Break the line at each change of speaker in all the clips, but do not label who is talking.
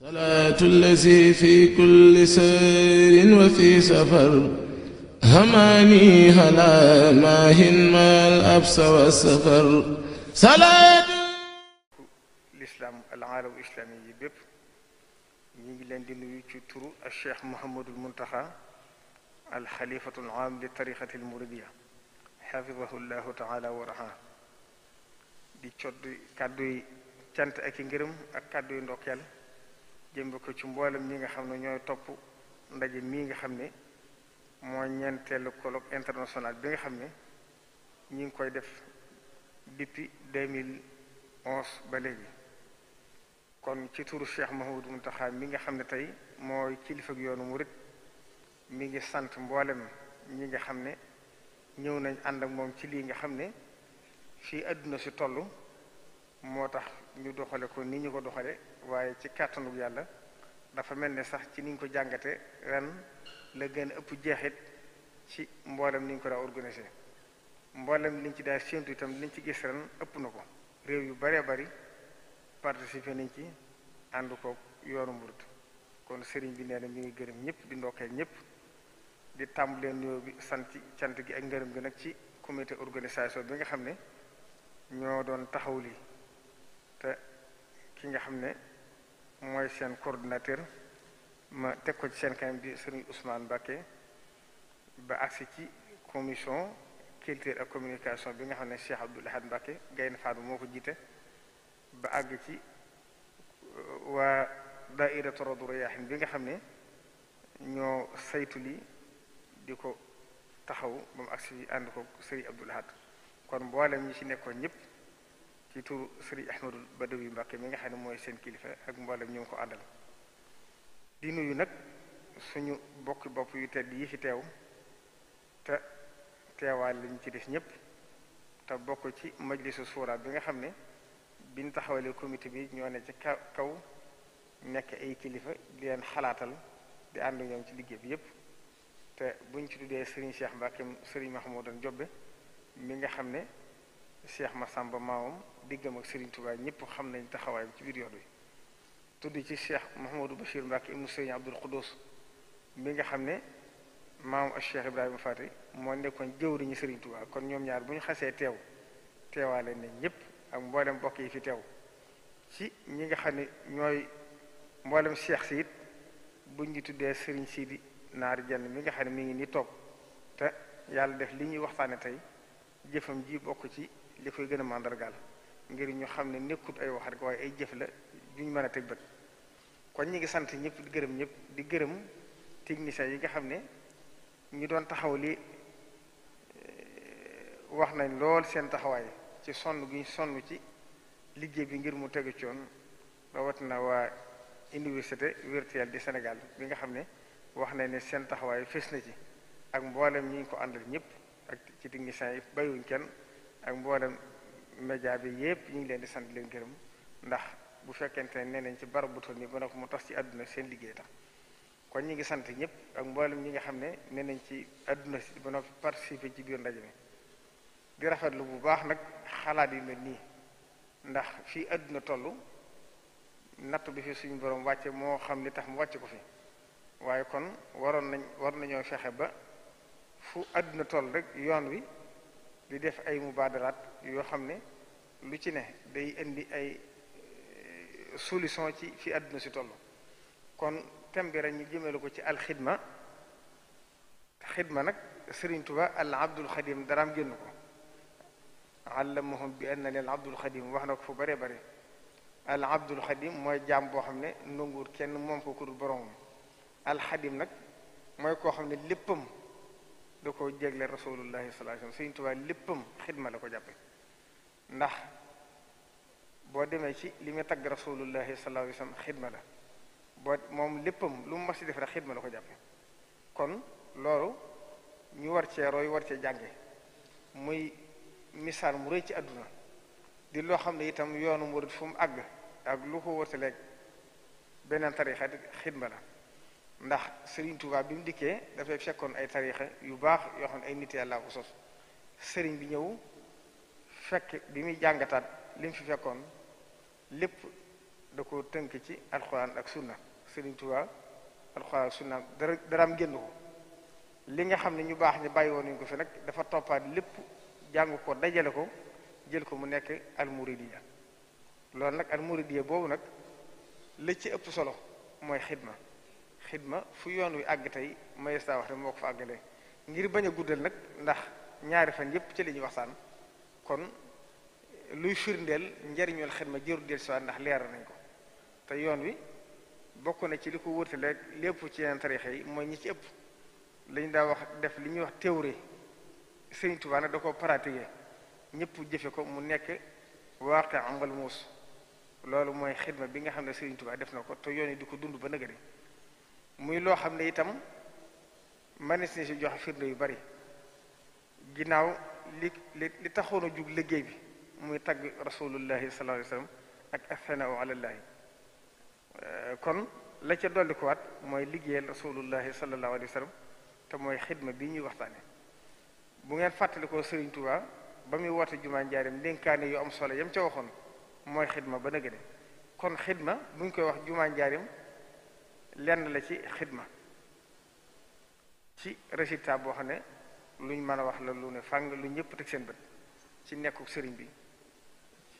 salaatu lazi fi kulli sayrin wa fi safar
hamaani halaa maahin maal absa wa safar salaatu
lislaam al aalam islaami yi bépp ñu ngi leen di nuyu ci turu al cheikh Mouhamadul Muntaxa al xalifatu al aam li tariqati al muridiya xafidahu llahu taala wa raxaa di codd kàddu yi cant ak i ngërëm ak kàddu yi ndokkeel jëmbe ko ci mboolem ñi nga xam ne ñooy topp ndaje mii nga xam ne moo ñeenteelu colloque international bi nga xam ne ñi ngi koy def depuis 2011 ba léegi kon ci turu Cheikh Mouhamadou Mountakha mi nga xam ne tey mooy kilifa yoonu murid mi ngi sant mboolem ñi nga xam ne ñëw nañ ànd ak moom ci lii nga xam ne fii àdduna si toll moo tax ñu doxale ko ni ñu ko doxale waaye ci kàttanu yàlla dafa mel ne sax ci niñ ko jàngate ren la gën a ëpp jeexit ci mboolem niñ ko daa organisé mboolem liñ ci daa séentu itam liñ ci gis ren ëpp na ko réew yu baree bari participer nañ ci ànd ko yoonu murut kon sëriñ bi nee na mi ngi gërëm ñëpp di ndokkeel ñëpp di tàmbalee nuyoo bi sant cant gi ak ngërëm gi nag ci comité organisation bi nga xam ne ñoo doon taxaw lii te ki nga xam ne mooy seen coordinateur ma teg ko ci seen kanam bi Serigne Ousmane Mbacké ba agsi ci commission culture ak communication bi nga xam ne Cheikh Abdoul Ahad Mbacké Gaynde Fatma moo ko jiite ba àgg ci euh, waa daairatu Rawdu Rayaahin bi nga xam ne ñoo saytu lii di ko taxaw ba mu agsi ànd ko Serigne Abdoul Ahad kon mboolem ñi ci nekkoon ñëpp ci turu sëriñ Ahmadul Badawi Mbàkke mi nga xam ne mooy seen kilifa ak mboolem ñu ngi ko àndal di nuyu nag suñu bokki bopp yu te yi fi teew te teewaal lañ ci des ñëpp te bokk ci majlisu suura bi nga xam ne biñ taxawalee comité bi ñoo ne ci kaw nekk ay kilifa di leen xalaatal di ànd ñoom ci liggéey bi yëpp te buñ ci tuddee sëriñ Cheikh Mbàkke sëriñ Mahmoudan Jobbe mi nga xam ne Cheikh Massamba maamam diggam ak sëriñ Touba ñëpp xam nañ taxawaay bi ci biir yoon wi tudd ci Cheikh Mouhamadou Bachir Mbacke ibnu Serigne Abdoul Khoudous mi nga xam ne maam ak Cheikh Ibrahima Faty moo nekkoon jëwriñu sëriñ Touba kon ñoom ñaar bu ñu xasee teew teewaale nañ ñëpp ak mboolem mbokk yi fi teew ci ñi nga xam ne ñooy mboolem Cheikh si bu buñ ñu tuddee Serigne Sidi Naar Jenn mi nga xam ne mi ngi nii toog te yàlla def li ñuy waxtaane tey jëfam ji bokk ci. li koy gën a màndargaal ngir ñu xam ne nekkut ay wax rek waaye ay jëf la juñ mën a teg bët kon ñi ngi sant ñëpp di gërëm ñëpp di gërëm techniciens yi nga xam ne ñu doon taxaw li eh, wax nañ lool seen taxawaay ci sonn gi ñu sonn ci liggéey bi ngir mu tegu coon na waa université virtuelle di Sénégal bi nga xam ne wax nañ ne seen taxawaay fés na ci ak mboolem ñu ñu ko àndal ñëpp ak ci techniciens yi bàyyiwuñ kenn ak mboolem média bi yépp ñu ngi leen di sant leen gërëm ndax bu fekkente ne nee nañ ci barab bu toll nii ba nag mu tax ci àdduna seen liggéey tax kon ñu ngi sant ñëpp ak mboolem ñi nga xam ne nee nañ ci àdduna si ba noppi participer ci mi di rafetlu bu baax nag xalaat yu mel nii ndax fii àdduna toll natt bi fi suñu borom wàcce moo xam li tax mu wàcce ko fi waaye kon waroon nañ war nañoo fexe ba fu àdduna toll rek yoon wi di def ay mubaadaraat yoo xam ne lu ci ne day indi ay eh, solution ci fi àdduna si toll kon thème bi rek ñu jëmale ko ci alxidma xidma nag Sëriñ Tuba al abdul xadim daraam génn ko allamahum bi anna lil abdul xadim wax na ko fu bare bare al abdul xadim mooy jaam boo xam ne nanguur kenn moom ko ku dul boromam alxadim nag mooy koo xam ne léppam da ko jegle rasulullahi sallallahu alayhi wasallam sëriñ Tuubaa léppam xidma la ko jàppe ndax boo demee ci li ma tagg rasulullahi sallallahu alayhi wasallam xidma la moom léppam lu mu mas def rek xidma la ko jàppe kon loolu ñu war cee roy war cee jànge muy misaal mu rëy ci àdduna di loo xam ne itam yoonu murid fu mu àgg ak lu ko wërtaleeg beneen tarixa xidma la ndax Serigne tubaab bi mu dikkee dafay fekkoon ay tariixa yu baax yoo xam ne ay nit yàllaa ko sos Serigne bi ñëw fekk bi muy jàngataat lim fi fekkoon lépp da ko tënk ci alxuraan ak sunna Serigne Touba alxuraan ak sunna dara daraam génn ko li nga xam ne ñu baax ñu bàyyi woon nañu ko fi nag dafa toppaat lépp jàng ko dajale ko jël ko mu nekk almuridiya loolu nag almuridiya boobu nag la ci ëpp solo mooy xidma xidma fu yoon wi àgg tey mayees taa wax rek moo ko fa àggale ngir bañ a guddal nag ndax ñaari fan yépp ci li ñuy waxtaan kon luy firndeel njariñul xidma jëru del si ndax leer nañ ko te yoon wi bokk na ci li ko wërtaleeg lépp ci yeneen tarixa yi mooy ñi ci ëpp lañ daa wax def li ñuy wax théorie Sëriñ Tuubaa nag da ko pratiquer ñëpp jëfe ko mu nekk waaqi amal muus loolu mooy xidma bi nga xam ne Sëriñ Tuubaa def na ko te yoon yi di ko dund ba nëgëri muy loo xam ne itam mënees na si joxe firnde yu bari ginnaaw li li li taxoon jug liggéey bi muy tagg rasulullahi sallallahu alayhi wasallam ak athanau alallahi eh, kon la ca dolli ko waat mooy liggéeyal rasulullahi sallallahu alayhi te mooy xidma bi ñuy waxtaane bu ngeen fàttalikoo Serigne Touba ba muy woote jumaa njaarim ndénkaane yu am solo yam ca waxoon mooy xidma ba nëgëne kon xidma bu ñu koy wax jumaa njaarim lenn la ci xidma ci résultat boo xam ne luñ mën a wax la lu ne fàng lu ñëpp teg seen bët ci nekku sëriñ bi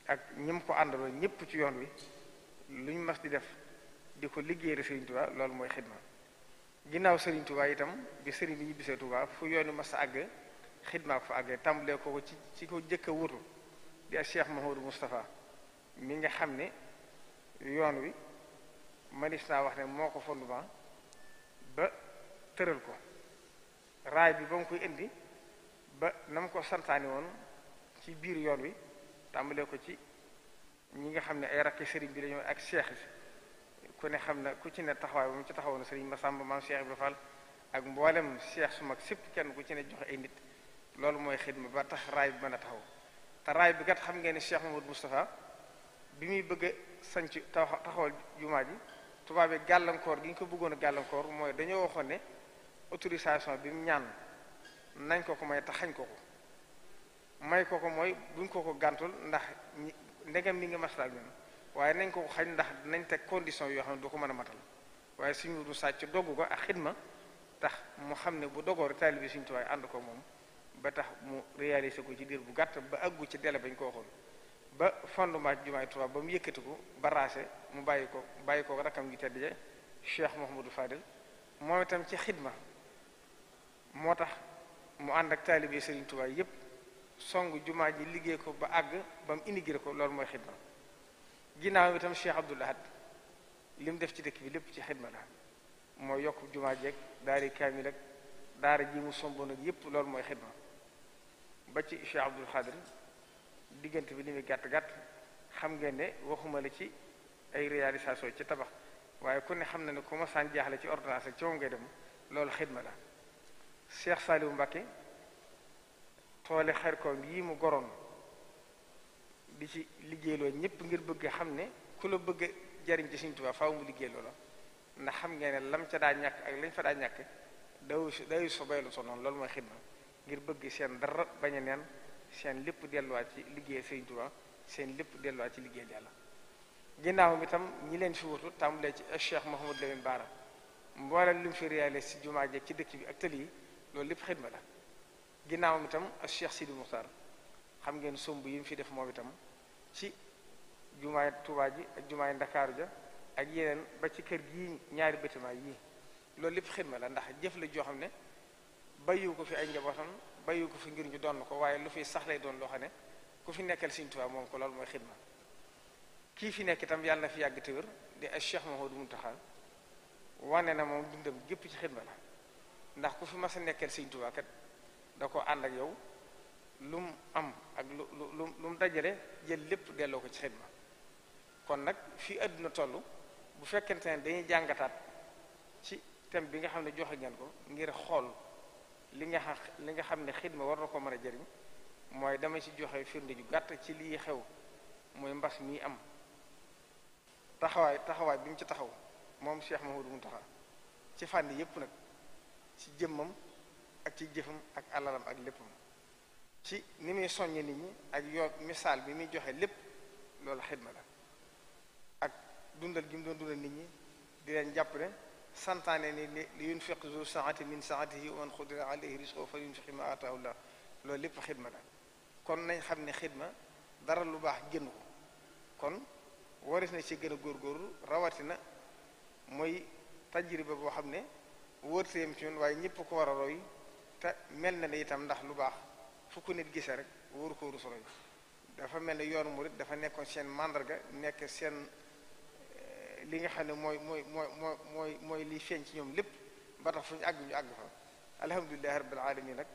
ak ñim ko àndaloo ñëpp ci yoon wi luñ mas di def di ko liggéeyal sëriñ Tuubaa loolu mooy xidma ginnaaw sëriñ Tuubaa itam bi sëriñ bi ñibbisee Tuubaa fu yoonu mas a àgg xidmaa ko fa àggee tàmbalee ko ci ci ko jëkk a wutu di ak Cheikh Mahoudou Moustapha mi nga xam ne yoon wi manis naa wax ne moo ko fondement ba tëral ko raay bi ba mu koy indi ba na mu ko santaani woon ci biir yoon wi tàmbalee ko ci ñi nga xam ne ay rakki sëriñ bi dañoo ak seex yi ku ne xam ne ku ci ne taxawaay ba mu ci na sëriñ Massamba maam Cheikh Ibra Fall ak mboolem seex su mag sépp kenn ku ci ne joxe ay nit loolu mooy ma ba tax raay bi mën a taxaw te raay bi kat xam ngeen ne Cheikh Mamadou Moustapha bi muy bëgg a sanc taxawal jumaa ji tubaab gàllankoor gi ñu ko bëggoon a gàllankoor mooy dañoo waxoon ne autorisation bi mu ñaan nañ ko ko may te xañ ko ko may ko ko mooy buñ ko ko gàntul ndax ndegam mi ngi maslaak ñun waaye nañ ko ko xañ ndax nañ teg condition yoo xam ne du ko mën a matal waaye suñu du sàcc dogg ko ak ma tax mu xam ne bu dogoor taalibe Sëriñ Tuubaa ànd ko moom ba tax mu réaliser ko ci diir bu gàtt ba àggu ci dele bañ ko waxoon ba fondement jumaay Tuubaa ba mu yëkkati ko ba mu bàyyi ko bàyyi ko rakam gi tedd ja Cheikh Mouhamadou Fadel moom itam ci xidma moo tax mu ànd ak taalibe Serigne Touba yépp song jumaa ji liggéey ko ba àgg ba mu inigré ko loolu mooy xidma ginnaaw itam Cheikh Abdoul Ahad li mu def ci dëkk bi lépp ci xidma la mooy yokk jumaa jeeg daari kaamil ak daara ji mu somboon ak yépp loolu mooy xidma ba ci Cheikh Abdoul Khadir diggante bi li muy gàtt gàtt xam nga ne waxuma la ci ay réalisation ci tabax waaye ku ne xam na ne ku ma saan jaaxle ci ordonnance ak ci moom ngay dem loolu xidma la Cheikh Saliou Mbacké toole xerkoom yii mu goroon di ci liggéeyloo ñëpp ngir bëgg xam ne ku la bëgg jariñ ci Sëriñ Tuubaa faaw mu liggéey loola ndax xam ngeen ne lam ca daa ñàkk ak lañ fa daa ñàkk daw dayu so baylu so noonu loolu mooy xidma ngir bëgg seen dara bañ a neen seen lépp delluwaat ci liggéey Sëriñ Tuubaa seen lépp delluwaat ci liggéey yàlla ginnaaw bi tam ñi leen fi wutu tàmbalee ci Cheikh Mouhamadou Lamine Bara mboolem lu mu fi réalisé si jumaa jeeg ci dëkk bi ak tëli yi loolu lépp xidma la ginnaawam itam tam ak Cheikh Sidi Moukhtar xam ngeen somb yi mu fi def moom itam ci jumaay Touba yi ak jumaay Ndakaaru ja ak yeneen ba ci kër gi ñaari bâtiment yii loolu lépp xidma la ndax jëf la joo xam ne bàyyiwu ko fi ay njabootam bàyyi ko fi ngir ñu donn ko waaye lu fi sax lay doon loo xam ne ku fi nekkal Sëriñ Tuubaa moom ko loolu mooy xidma kii fi nekk itam yàlla na fi yàgg te wér di ay Cheikh Mouhamadou Mountakha wane na moom dundam gépp ci xidma la ndax ku fi mas a nekkal Sëriñ Tuubaa kat da ko ànd ak yow lu mu am ak lu lu mu dajale jël lépp delloo ko ci xidma kon nag fii àdduna toll bu fekkente ne dañuy jàngataat ci thème bi nga xam ne joxe ngeen ko ngir xool li nga xa li nga xam ne xidma war na ko mën a jëriñ mooy dama ci joxe firnde ju gàtt ci liy xew mooy mbas mii am taxawaay taxawaay bi mu ci taxaw moom Cheikh Mouhamadou Mountakha ci fànn yépp nag ci jëmmam ak ci jëfam ak àllalam ak léppam ci ni muy soññ nit ñi ak yoo misaal bi muy joxe lépp loolu xidma la ak dundal gi mu doon dundal nit ñi di leen jàpp ne santaane ni li yunfiq zu saati min saatihi wa man qudira alayhi rizquhu fa yunfiq ma ataahu llah loolu lépp xidma la kon nañ xam ne xidma dara lu baax génn ko kon waris na ci gën a góor rawatina mooy ba boo xam ne wërteem ci ñun waaye ñëpp ko war a roy te mel na ne itam ndax lu baax fukk nit gisee rek wóoru ko wóoru solo dafa mel ne yoonu murit dafa nekkoon seen màndarga nekk seen li nga xam ne mooy mooy mooy mooy mooy mooy liy feeñ ci ñoom lépp ba tax fu ñu àgg ñu àgg fa alhamdulilahi rabbil alamin nag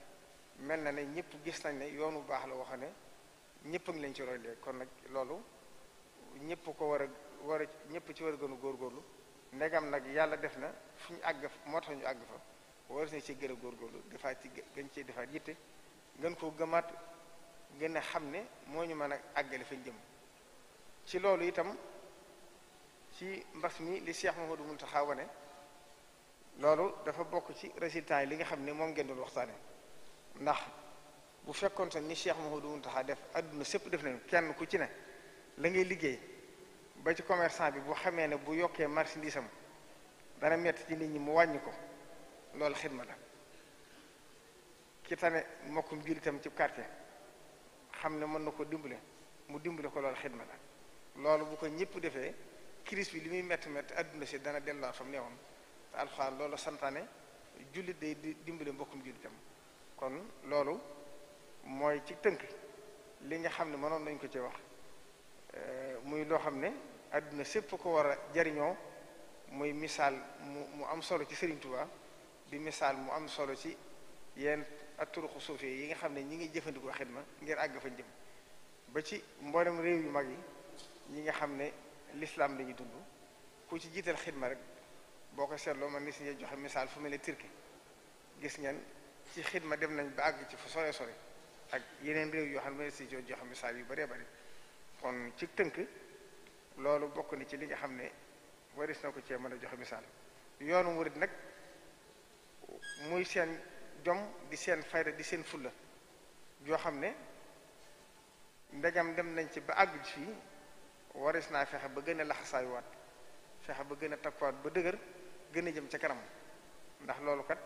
mel na ne ñëpp gis nañ ne yoonu baax la wax ne ñëpp a ngi leen ci kon nag loolu ñëpp ko war a war a ñëpp ci war a gën a ndegam nag yàlla def na fu ñu àgg moo tax ñu àgg fa war nañ ci gën a góorgóorlu dafa ci gën cee defaat yitte gën koo gëmaat gën a xam ne moo ñu mën a àggale fa jëm ci loolu itam ci mbas mi li Cheikh Mouhamadou Mountakha wane loolu dafa bokk ci résultat yi li nga xam ne moom ngeen doon waxtaane ndax bu fekkoon fekkonte ni Cheikh Mouhamadou Mountakha def àdduna sëpp def nañu kenn ku ci ne la ngay liggéey ba ci commerçant bi bu xamee ne bu yokkee marchandise am dana metti ci nit ñi mu wàññi ko loolu xidma la ki tane mbokkum jullitam ci quartier xam ne mën na ko dimbale mu dimbale ko loolu xidma la loolu bu ko ñëpp defee crise bi li muy métti métti adduna si dana delluwaat fa mu ne woon te alxuraan loolu santaane jullit day dimbale mbokkum jullitam kon loolu mooy ci tënk li nga xam ne mënoon nañ ko ci wax euh, muy loo xam ne adduna sépp ko war jariñoo muy misaal mu mu am solo ci Serigne Touba di misaal mu am solo ci yenn ak turuqu suufe yi nga xam ne ñi ngi jëfandikoo xidma ngir àgg fa jëm ba ci mboolem réew yu mag yi ñi nga xam ne lislaam li ñuy dund ku ci jiital xidma rek boo ko seetloo man ni si ñuy joxe misaal fu mel ni Turquie gis ngeen ci xidma dem nañ ba àgg ci fu sore sore ak yeneen réew yoo xam ne si ñuy joxe misaal yu bëree bëri kon ci tënk loolu bokk na ci li nga xam ne waris na ko cee mën a joxe misaal yoonu murit nag muy seen jom di seen fayda di seen fulla yoo xam ne ndegam dem nañ ci ba àgg ci fii waris naa fexe ba gën a laxasaayuwaat fexe ba gën a takkuwaat ba dëgër gën a jëm ca kanam ndax loolukat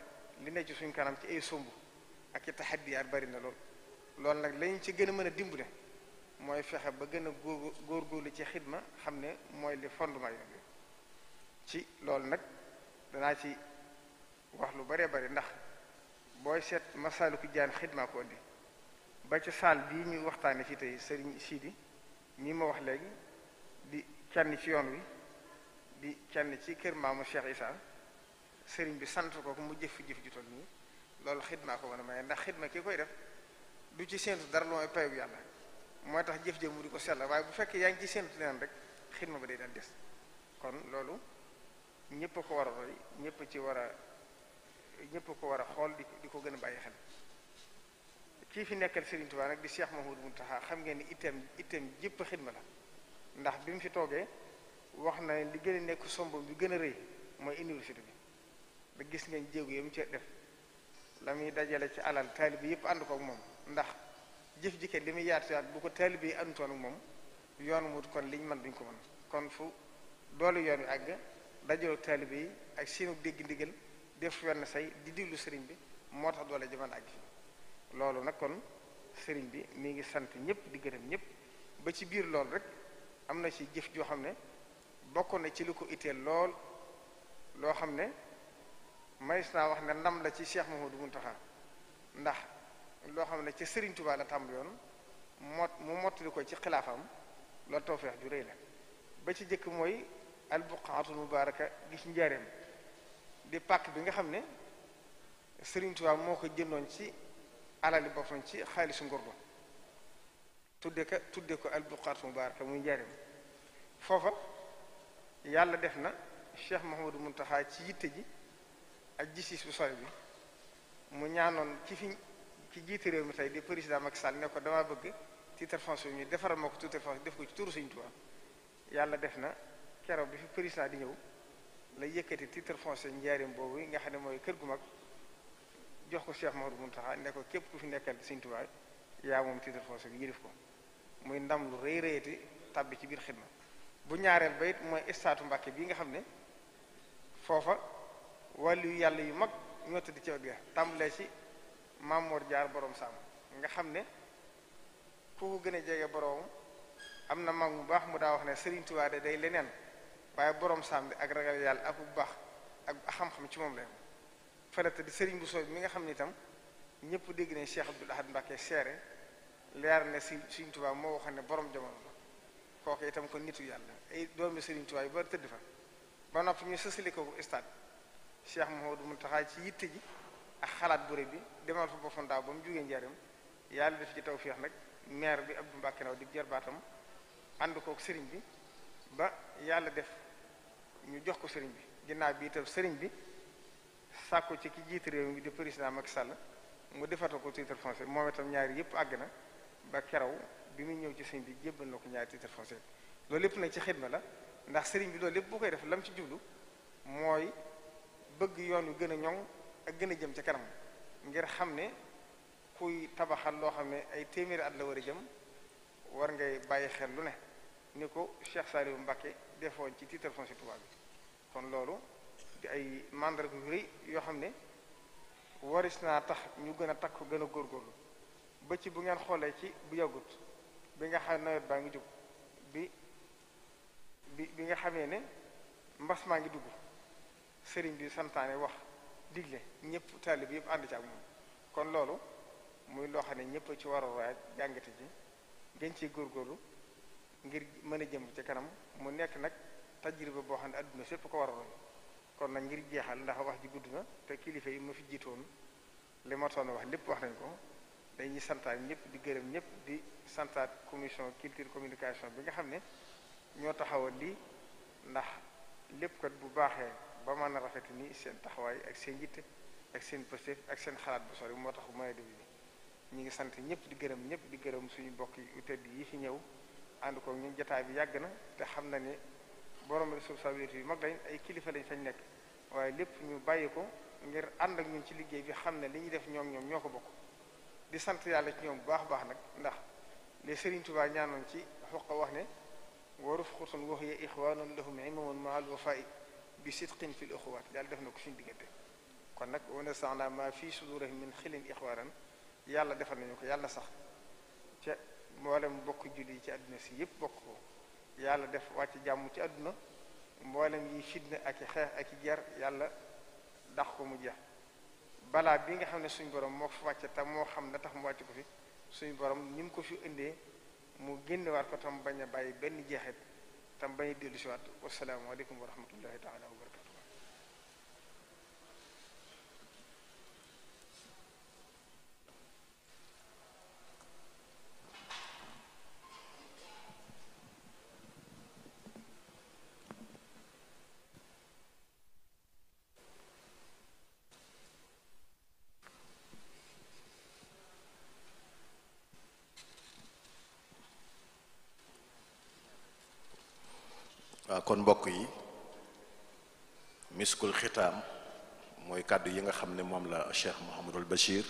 li ne ci suñ kanam ci ay sumb ak i taxaddiyaat bari na lool loolu nag lañ ci gën a mën a dimbale mooy fexe ba gën a góor góorgóorlu ci xidma xam ne mooy li fondement yoon bi ci loolu nag danaa ci wax lu baree bari ndax booy seet masaliku jaan xidma ko indi ba ci saal bii ñuy waxtaane fii tey sëriñ Sidi mii ma wax léegi kenn ci yoon wi di kenn ci kër maamu Cheikh Issa sëriñ bi sant ko mu jëf jëf ju toll nii loolu xidmaa ko mën a may ndax xidma ki koy def du ci séentu dara lu may payu yàlla mooy tax jëf jëf mu di ko la waaye bu fekkee yaa ngi ci séentu leneen rek xidma ba day daan des kon loolu ñëpp ko war a roy ñëpp ci war a ñëpp ko war a xool di di ko gën a bàyyi xel kii fi nekkal Serigne Touba nag di Cheikh Mahmoud Mountakha xam ngeen ni item itam jëpp xidma la ndax bi mu fi toogee wax na li gën a nekk sombam bi gën a rëy mooy université bi da gis ngeen jéegu yam ci def la muy dajale ci alal taalibe yëpp ànd ko moom ndax jëf jikkee li muy yaatu yaat bu ko taalibe yi àndutoon moom yoonu wut kon liñ mën dañ ko mën kon fu doole yoon wi àgg dajaloo taalibe yi ak seenu dégg ndigal def wenn say di diglu sëriñ bi moo tax doole jaman ak fi loolu nag kon sëriñ bi mi ngi sant ñëpp di gërëm ñëpp ba ci biir loolu rek am na ci jëf joo xam ne bokk na ci li ko itteel lool loo xam ne mays naa wax ne ndam la ci Cheikh Mouhamadou Mountakha ndax loo xam ne ci Serigne Touba la tàmbali yoon mot mu mottali ko ci xilaafam loolu tawfeex ju rëy la ba ci jëkk mooy albuqaatul mubaaraka gi ci njaareem di pàkk bi nga xam ne Serigne Touba moo ko jëndoon ci alali boppam ci xaalisu ngordo tudde ka tudde ko albuqaatu mubaaraka muy njariñ foofa yàlla def na cheikh Mouhamadou Mountakha ci yitte ji ak gis-gis bu sooy bi mu ñaanoon ci fi ci jiite réew mi tey di président Macky Sall ne ko damaa bëgg titre foncier ñu defaral ma ko titre foncier def ko ci turu Sëriñ Tuubaa yàlla def na keroog bi fi président di ñëw la yëkkati titre foncier njaarim boobu nga xam ne mooy kër gu mag jox ko cheikh Mouhamadou Mountakha ne ko képp ku fi nekkal Sëriñ Tuubaa yaa moom titre foncier bi ñu def ko. muy ndam lu rëy rëyati tàbbi ci biir xidma bu ñaareel ba it mooy istaatu mbàkke bii nga xam ne foofa wàllu yàlla yu mag ñoo tëdd ci wet ga tàmbalee ci Maamoor Jaar borom saam nga xam ne ku ko gën a jege borom am na mag mu baax mu daa wax ne Sëriñ Tuubaa day leneen waaye borom saam bi ak ragal yàlla ak bu baax ak xam-xam ci moom la fële tëdd sëriñ bu Bousso mi nga xam ne itam ñëpp dégg ne Cheikh Abdoul Ahad seere leer na si Sëriñ Tuubaa moo waxoon ne boroom jamono la kooku itam ko nitu yàlla ay doomi Sëriñ Tuubaa yu tëdd fa ba nopp ñu sësali ko stade Cheikh Mouhamadou Mountakha ci yitte ji ak xalaat bu bi demal fa boppam daaw ba mu jugee njaaram yàlla def ci feex nag maire bi ab Mbacke Ndaw di jarbaatam ànd kook sëriñ bi ba yàlla def ñu jox ko sëriñ bi ginnaaw bi itam sëriñ bi sàkku ci ki jiite réew mi di président Macky Sall mu defata ko titre foncier moom itam ñaari yëpp àgg na ba keraw bi muy ñëw ci sëñ bi jébbal na ko ñaari titre foncier loolu lépp nañ ci xidma la ndax sëriñ bi loolu lépp bu koy def lam ci jublu mooy bëgg yoon yu gën a ñoŋ ak gën a jëm ci kanam ngir xam ne kuy tabaxal loo xam ne ay téeméeri at la war a jëm war ngay bàyyi xel lu ne ni ko Cheikh Saliou Mbacké defoon ci titre foncier Touba bi kon loolu di ay mandarga yu rëy yoo xam ne waris naa tax ñu gën a takk gën a góorgóorlu ba bu ngeen xoolee ci bu yàggut bi nga xam nawet baa ngi jóg bi bi bi nga xamee ne mbas maa ngi dugg sëriñ bi santaane wax digle ñëpp taalib yëpp ànd ci ak moom kon loolu muy loo xam ne ñëpp ci war a jàngate ji gën ci góorlu ngir mën a jëm ci kanam mu nekk nag tajriba boo xam ne adduna sépp ko war a kon nag ngir jeexal ndax wax ji gudd na te kilifa yi mu fi jiitoon li ma toon wax lépp wax nañ ko dañuy santaat ñëpp di gërëm ñëpp di santaat commission culture communication bi nga xam ne ñoo taxawal lii ndax lépp kat bu baaxee ba mën a rafet nii seen taxawaay ak seen yitte ak seen pëstéef ak seen xalaat bu sori moo tax bu may déglu ñu ngi sant ñëpp di gërëm ñëpp di gërëm suñu mbokk yu tëdd yi fi ñëw ànd ko ñun jotaay bi yàgg na te xam na ni borom responsabilité yu mag lañ ay kilifa lañ fañ nekk waaye lépp ñu bàyyi ko ngir ànd ak ñun ci liggéey bi xam ne li ñuy def ñoom ñoom ñoo ko bokk. di sant yàlla ci ñoom bu baax baax nag ndax li Serigne Touba ñaanoon ci xoqa wax ne wa rufqatun wa hiya ixwanun lahum imamun maal wafai bi sidqin fi l uxuwaat yàlla def na ko suñu diggante kon nag wa nasana ma fi sudurihim min xilin ixwanan yàlla defal nañu ko yàlla sax ca mboolem bokk julli ci àdduna si yëpp bokk ko yàlla def wàcc jàmm ci àdduna mboolem yi fitna ak i xeex ak i jar yàlla dax ko mu jeex balaa bi nga xam ne suñ borom moo ko fi wàcce te moo xam la tax mu wàcc ko fi suñ borom ni mu ko fi indee mu génnewaat ko tam bañ a bàyyi benn jeexit tam bañ a dellusiwaat wasalaamualeykum wa rahmatullahi taala wa barakatu
kon mbokk yi miskul xitaam mooy kàddu yi nga xam ne moom la Cheikh Mouhamadul Bachir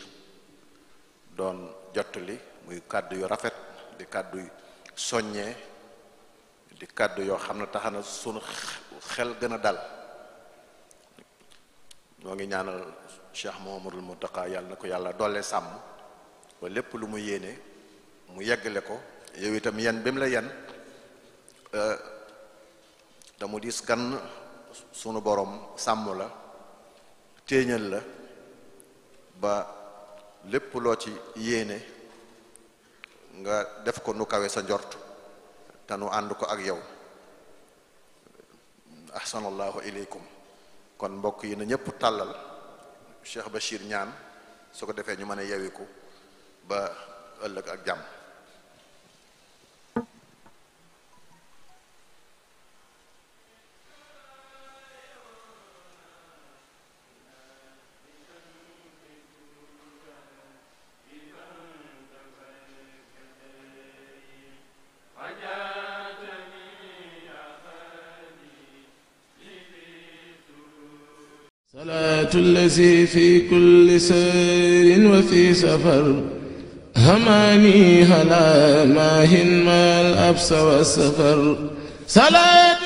doon jottali muy kàddu yu rafet di kàddu soññee di kàddu yoo xam ne tax na sunu xel gën a dal ñoo ngi ñaanal Cheikh Mouhamadul Mountakha yàlla na ko yàlla doole sàmm ba lépp lu mu yéene mu yeggale ko yow itam yen bi mu la yen euh, te mu gann gan sunu borom sàmm la téeñal la ba lépp loo ci yéene nga def ko nu kawe sa njort te nu ànd ko ak yow ahsanallahu ilaykum kon mbokk yi na ñépp tàllal Cheikh Bachir ñaan su ko defee ñu mën a yewiku ba ëllëg ak jàmm allazi fi kulli sayrin wa fi safar hamaani hala maahin maal absa wa safar salaat